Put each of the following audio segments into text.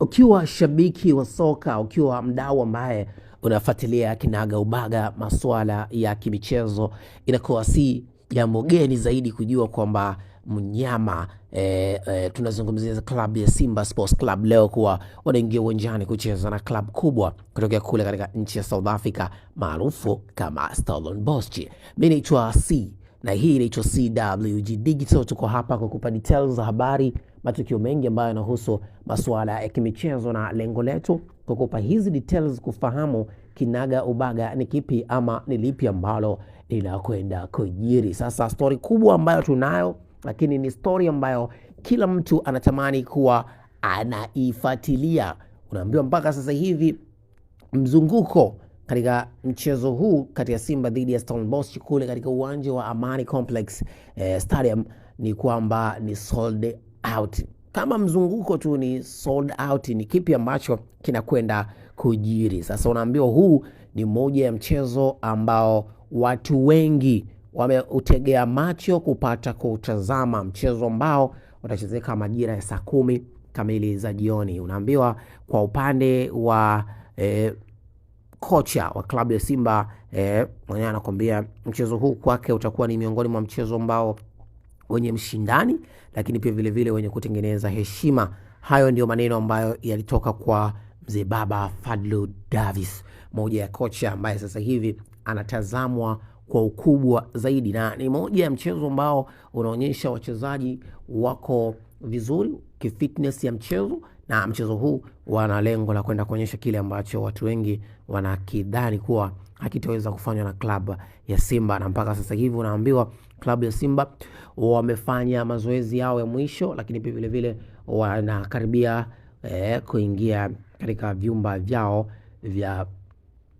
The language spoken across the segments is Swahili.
Ukiwa shabiki wa soka, ukiwa mdau ambaye unafuatilia kinaga ubaga masuala ya kimichezo, inakuwa si jambo geni zaidi kujua kwamba mnyama e, e, tunazungumzia klabu ya Simba Sports Club leo kuwa wanaingia uwanjani kucheza na klabu kubwa kutokea kule katika nchi ya South Africa maarufu kama Stellenbosch. Mimi naitwa C na hii inaitwa CWG Digital. Tuko hapa kukupa details za habari matukio mengi ambayo yanahusu masuala ya kimichezo, na lengo letu kukupa hizi details kufahamu kinaga ubaga ni kipi ama ni lipi ambalo linakwenda kujiri. Sasa stori kubwa ambayo tunayo, lakini ni stori ambayo kila mtu anatamani kuwa anaifuatilia. Unaambiwa mpaka sasa hivi mzunguko katika mchezo huu kati ya Simba dhidi ya Stellenbosch kule katika uwanja wa Amani Complex eh, Stadium ni kwamba ni sold out kama mzunguko tu ni sold out, ni kipi ambacho kinakwenda kujiri sasa. Unaambiwa huu ni moja ya mchezo ambao watu wengi wameutegea macho kupata kutazama mchezo ambao utachezeka majira ya saa kumi kamili za jioni. Unaambiwa kwa upande wa eh, kocha wa klabu ya Simba eh, mwenyewe anakuambia mchezo huu kwake utakuwa ni miongoni mwa mchezo ambao wenye mshindani, lakini pia vilevile vile wenye kutengeneza heshima. Hayo ndio maneno ambayo yalitoka kwa mzee baba Fadlu Davis, moja ya kocha ambaye sasa hivi anatazamwa kwa ukubwa zaidi, na ni moja ya mchezo ambao unaonyesha wachezaji wako vizuri kifitness ya mchezo na mchezo huu wana lengo la kwenda kuonyesha kile ambacho watu wengi wanakidhani kuwa hakitaweza kufanywa na klabu ya Simba, na mpaka sasa hivi unaambiwa klabu ya Simba wamefanya mazoezi yao ya mwisho, lakini pia vilevile wanakaribia eh, kuingia katika vyumba vyao vya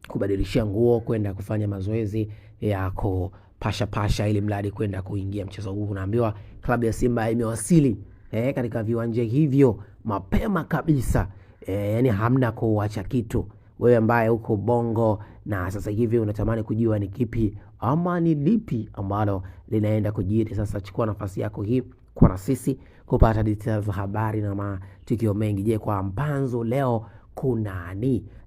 kubadilishia nguo kwenda kufanya mazoezi ya kupasha pasha, ili mradi kwenda kuingia mchezo huu. Unaambiwa klabu ya Simba imewasili eh, katika viwanja hivyo mapema kabisa e, yani hamna kuacha kitu. Wewe ambaye uko Bongo na sasa hivi unatamani kujua ni kipi ama ni lipi ambalo linaenda kujiri sasa, chukua nafasi yako hii kwa na sisi kupata details za habari na matukio mengi. Je, kwa mpanzo leo kuna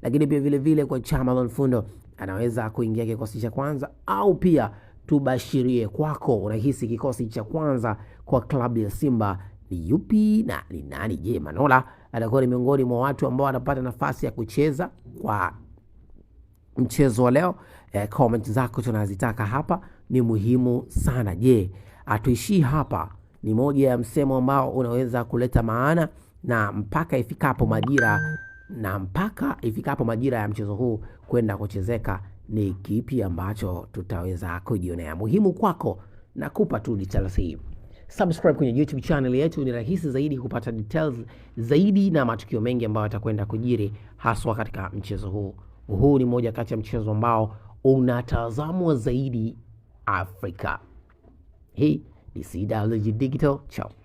Lakini pia vile vile kwa Chama Mfundo anaweza kuingia kikosi cha kwanza au pia tubashirie kwako, unahisi kikosi cha kwanza kwa klabu ya Simba ni yupi na ni nani? Je, Manola atakuwa ni miongoni mwa watu ambao wanapata nafasi ya kucheza kwa mchezo wa leo? E, comment zako tunazitaka hapa, ni muhimu sana. Je, hatuishii hapa? Ni moja ya msemo ambao unaweza kuleta maana na mpaka ifikapo majira na mpaka ifikapo majira ya mchezo huu kwenda kuchezeka, ni kipi ambacho tutaweza kujionea? Muhimu kwako, nakupa tu details hii subscribe kwenye YouTube channel yetu, ni rahisi zaidi kupata details zaidi na matukio mengi ambayo yatakwenda kujiri haswa katika mchezo huu. Huu ni moja kati ya mchezo ambao unatazamwa zaidi Afrika. Hii ni CWG Digital. Ciao.